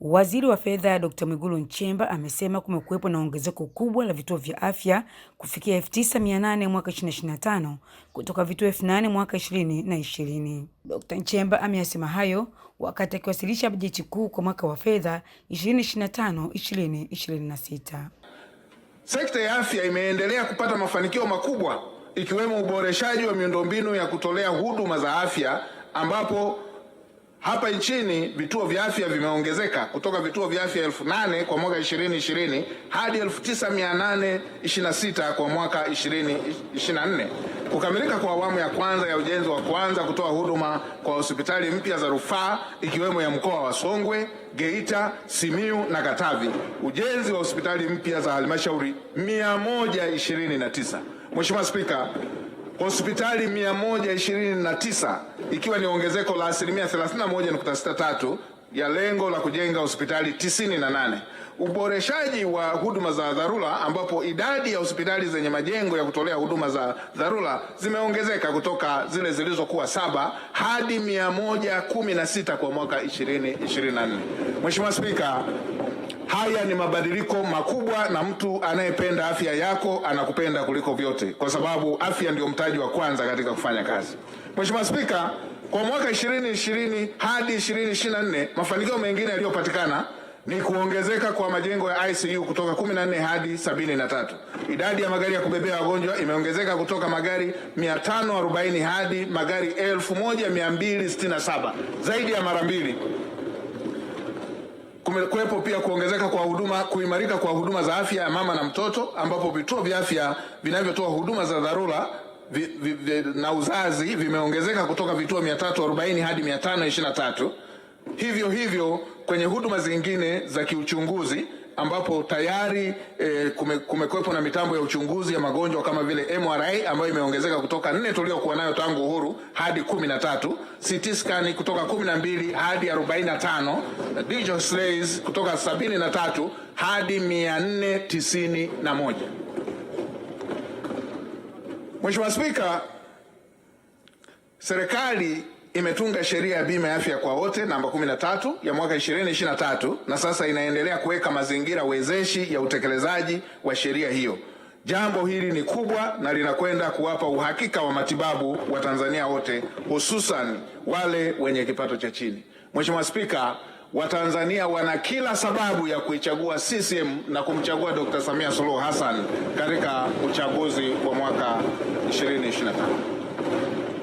Waziri wa Fedha Dr. Mwigulu Nchemba amesema kumekuwepo na ongezeko kubwa la vituo vya afya kufikia 9800 mwaka 2025 kutoka vituo 8000 mwaka 2020. Dr. Nchemba ameyasema hayo wakati akiwasilisha bajeti kuu kwa mwaka wa fedha 2025 2026. Sekta ya afya imeendelea kupata mafanikio makubwa ikiwemo uboreshaji wa miundombinu ya kutolea huduma za afya ambapo hapa nchini vituo vya afya vimeongezeka kutoka vituo vya afya elfu nane kwa mwaka 2020 hadi 9826 kwa mwaka 2024. Kukamilika kwa awamu ya kwanza ya ujenzi wa kwanza kutoa huduma kwa hospitali mpya za rufaa ikiwemo ya mkoa wa Songwe, Geita, Simiu na Katavi. Ujenzi wa hospitali mpya za halmashauri 129. Mheshimiwa Spika, hospitali 129 ikiwa ni ongezeko la asilimia 31.63 ya lengo la kujenga hospitali 98. Uboreshaji wa huduma za dharura ambapo idadi ya hospitali zenye majengo ya kutolea huduma za dharura zimeongezeka kutoka zile zilizokuwa saba hadi 116 kwa mwaka 2024. Mheshimiwa Spika, Haya ni mabadiliko makubwa, na mtu anayependa afya yako anakupenda kuliko vyote, kwa sababu afya ndio mtaji wa kwanza katika kufanya kazi. Mheshimiwa Spika, kwa mwaka 2020 hadi 2024 mafanikio mengine yaliyopatikana ni kuongezeka kwa majengo ya ICU kutoka 14 hadi 73. Idadi ya magari ya kubebea wagonjwa imeongezeka kutoka magari 540 hadi magari 1267, zaidi ya mara mbili kumekwepo pia kuongezeka kwa huduma, kuimarika kwa huduma za afya ya mama na mtoto, ambapo vituo vya afya vinavyotoa huduma za dharura vi, vi, vi, na uzazi vimeongezeka kutoka vituo 340 hadi 523. Hivyo hivyo kwenye huduma zingine za kiuchunguzi ambapo tayari eh, e, kumekwepo na mitambo ya uchunguzi ya magonjwa kama vile MRI ambayo imeongezeka kutoka nne tuliokuwa nayo tangu uhuru hadi kumi na tatu, CT scan kutoka kumi na mbili hadi arobaini na tano, digital slays kutoka sabini na tatu hadi mia nne tisini na moja. Mheshimiwa Spika, serikali imetunga sheria ya bima ya afya kwa wote namba 13 ya mwaka 2023 na sasa inaendelea kuweka mazingira wezeshi ya utekelezaji wa sheria hiyo. Jambo hili ni kubwa na linakwenda kuwapa uhakika wa matibabu wa Tanzania wote, hususan wale wenye kipato cha chini. Mheshimiwa Spika, Watanzania wana kila sababu ya kuichagua CCM na kumchagua Dr. Samia Suluhu Hassan katika uchaguzi wa mwaka 2025.